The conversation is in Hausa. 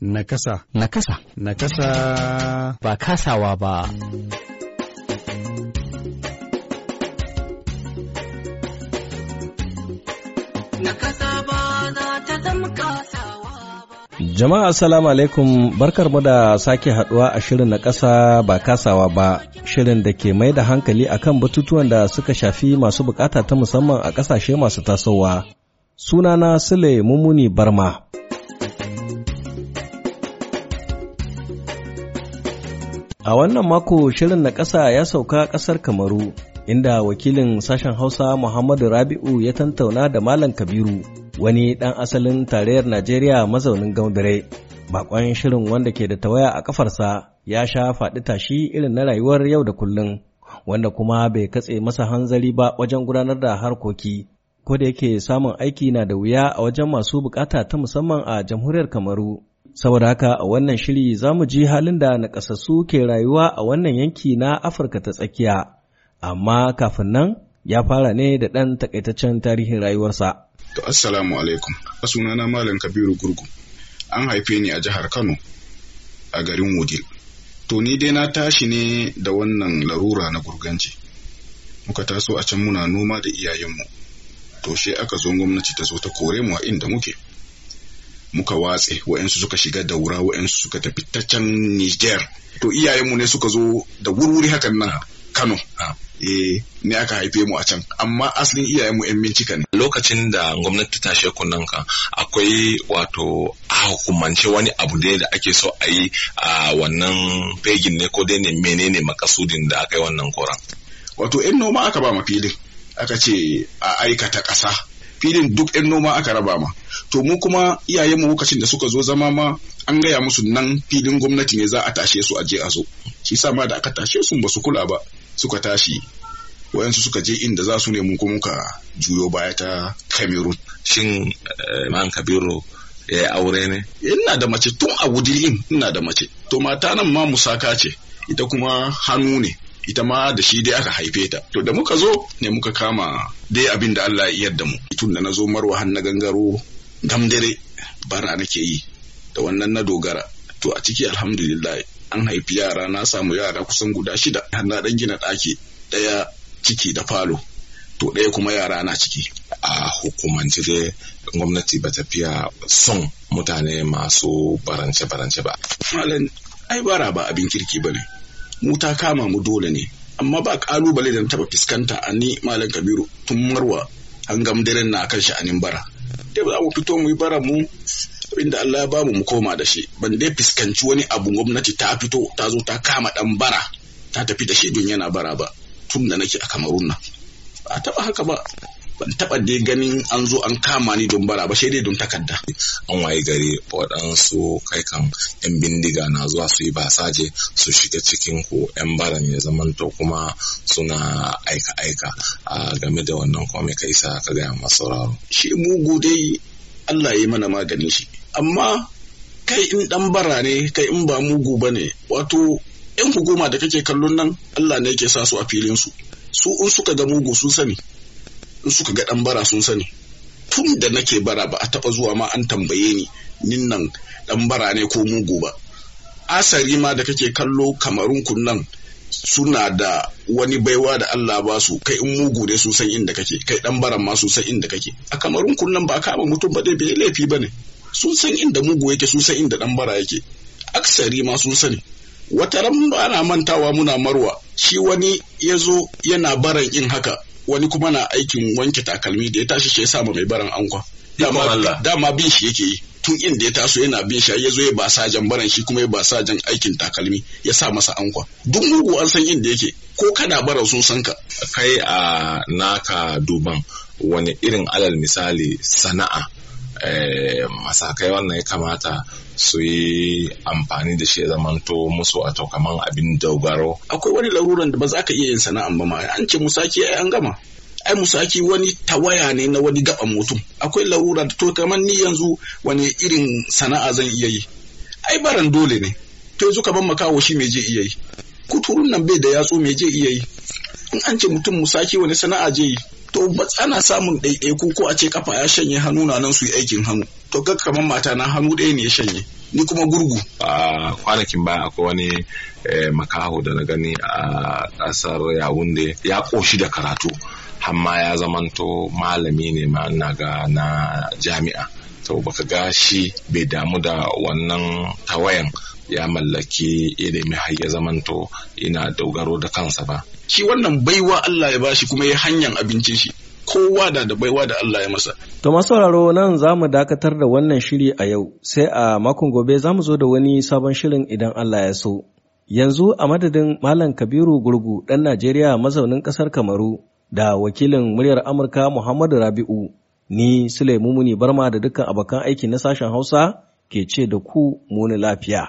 Nakasa. Nakasa. Nakasa. Ba kasawa ba. Jama'a assalamu alaikum mu da sake haduwa a shirin na ƙasa ba kasawa ba shirin da ke mai da hankali akan batutuwan da suka shafi masu bukata ta musamman a ƙasashe masu tasowa. Sunana Sule Mumuni Barma. A wannan mako shirin na ƙasa ya sauka ƙasar Kamaru, inda wakilin sashen Hausa Muhammadu Rabi'u ya tantauna da Malam Kabiru, wani ɗan asalin tarayyar Najeriya mazaunin Gaudare. Bakon shirin wanda ke da tawaya a ƙafarsa ya sha faɗi tashi irin na rayuwar yau da kullum, wanda kuma bai katse masa hanzari ba wajen gudanar da harkoki. Ko da yake samun aiki na da wuya a wajen masu bukata ta musamman a jamhuriyar Kamaru. Saboda haka a wannan shiri za mu ji halin da nakasassu ke rayuwa a wannan yanki na Afirka ta tsakiya, amma kafin nan ya fara ne da ɗan takaitaccen tarihin rayuwarsa. To assalamu alaikum, a sunana Malam Kabiru Gurgu, an haife ni a jihar Kano a garin Wudil. To ni dai na tashi ne da wannan larura na gurganci. Muka taso a can muna noma da iyayenmu. To she aka zo gwamnati ta zo ta kore mu a inda muke. muka watse wa'yansu suka shiga daura wa'yansu suka tafi ta can Niger to iyayenmu ne suka zo da wurwuri hakan nan Kano e ne aka haife mu a can amma asalin mu yan bincika ne lokacin da gwamnati ta sheku nan ka akwai wato a hukumance wani abu ne da ake so a yi a wannan fegin ne ko dai ne menene makasudin da aka yi wannan koran wato yan noma aka ba ma filin aka ce a aikata ƙasa filin duk 'yan noma aka raba ma to mu kuma iyayenmu lokacin da suka zo zama ma an gaya musu nan filin gwamnati ne za a tashe su a je a zo shi sa ma da aka tashe su ba su kula ba suka tashi wayansu suka je inda za su ne mun kuma muka juyo baya ta Cameroon shin eh, man Kabiru ya eh, aure ne ina da mace tun a wudirin ina da mace to mata nan ma musaka ce ita kuma hannu ne ita ma da shi dai aka haife ta to da muka zo ne muka kama dai abin da Allah ya da mu tun da na zo marwa na gangaro dare bara nake yi da wannan na dogara to a ciki alhamdulillah an haifi yara na samu yara kusan guda shida har na dan gina ɗaki ɗaya ciki da falo to ɗaya kuma yara na ciki a hukumance dai gwamnati ba ta fiya son mutane masu barance barance ba malam ai bara ba abin kirki ba ne mu ta kama mu dole ne amma ba kalubale da na taba fuskanta a ni malam kabiru tun marwa an daren na kan sha'anin bara dai ba za mu fito mu yi bara mu inda Allah ya bamu mu koma da shi ban dai fuskanci wani abu gwamnati ta fito ta zo ta kama dan bara ta tafi da shi dun yana bara ba tun da nake a kamarun nan ba taba haka ba ban taɓa dai ganin an zo an kama ni don bara ba sai dai don takarda. An waye gare waɗansu kai kan 'yan bindiga na zuwa su yi basaje su shiga cikin ko 'yan baran ya zamanta kuma suna aika-aika a game da wannan kome ka isa ka gaya masu sauraro. Shi mugu dai Allah ya yi mana maganin shi. Amma kai in dan bara ne kai in ba mugu ba ne wato 'yan hukuma da kake kallon nan Allah ne yake sa su a filin su. Su in suka ga mugu sun sani in suka ga dan bara sun sani tun da nake bara ba a taba zuwa ma an tambaye ni ninnan dan bara ne ko mugu ba asari ma da kake kallo kamarun kunnan suna da wani baiwa da Allah ba su kai in mugu ne su san inda kake kai dan baran ma su san inda kake a kamarun kunnan ba kama mutum ba dai bai laifi ba ne sun san inda mugu yake sun san inda dan bara yake aksari ma sun sani wata ba ana mantawa muna marwa shi wani ya zo yana baran in haka wani kuma na aikin wanke takalmi da ya tashi shi ya ma mai baran ankwa dama, bin shi yake yi tun inda ya taso yana bin shi ya zo ya ba jan baran shi kuma ya ba jan aikin takalmi ya sa masa ankwa duk mugu an san inda yake ko kana baran sun san ka kai a naka duban wani irin alal misali sana'a Eh, masakai wannan ya kamata su yi amfani da shi zamanto musu a kaman abin dogaro. Akwai wani laruran da ba za ka iya yin sana'an ba ma an ce musaki yan an gama. Ai musaki wani tawaya ne na wani gaban mutum. Akwai larura da to kaman ni yanzu wani irin sana'a zan iya yi. Ai baran dole ne. To yanzu kaman makawo shi me je iya yi. Kuturun nan bai da yatsu me je iya yi. In an ce mutum musaki wani sana'a je yi. to ana samun ɗaiɗaiku ko a ce kafa ya shanye hannu na nan su yi aikin hannu to ga kamar mata na hannu ɗaya ne ya shanye ni kuma gurgu a kwanakin baya akwai wani eh, makaho da na gani a ƙasar yawunde ya ƙoshi da karatu amma ya zamanto malami ne ma na ga na jami'a to baka ga shi bai damu da wannan tawayan ya mallaki ilimi har ya zamanto ina dogaro da kansa ba shi wannan baiwa Allah ya bashi kuma ya hanyar abincin shi kowa da da baiwa da Allah ya masa to masu sauraro nan za mu dakatar da wannan shiri a yau sai a makon gobe za mu zo da wani sabon shirin idan Allah ya so yanzu a madadin malam kabiru gurgu ɗan najeriya mazaunin ƙasar kamaru da wakilin muryar amurka muhammadu rabi'u ni Sule Mumuni Barma da dukkan abokan aiki na sashen Hausa ke ce da ku muni lafiya.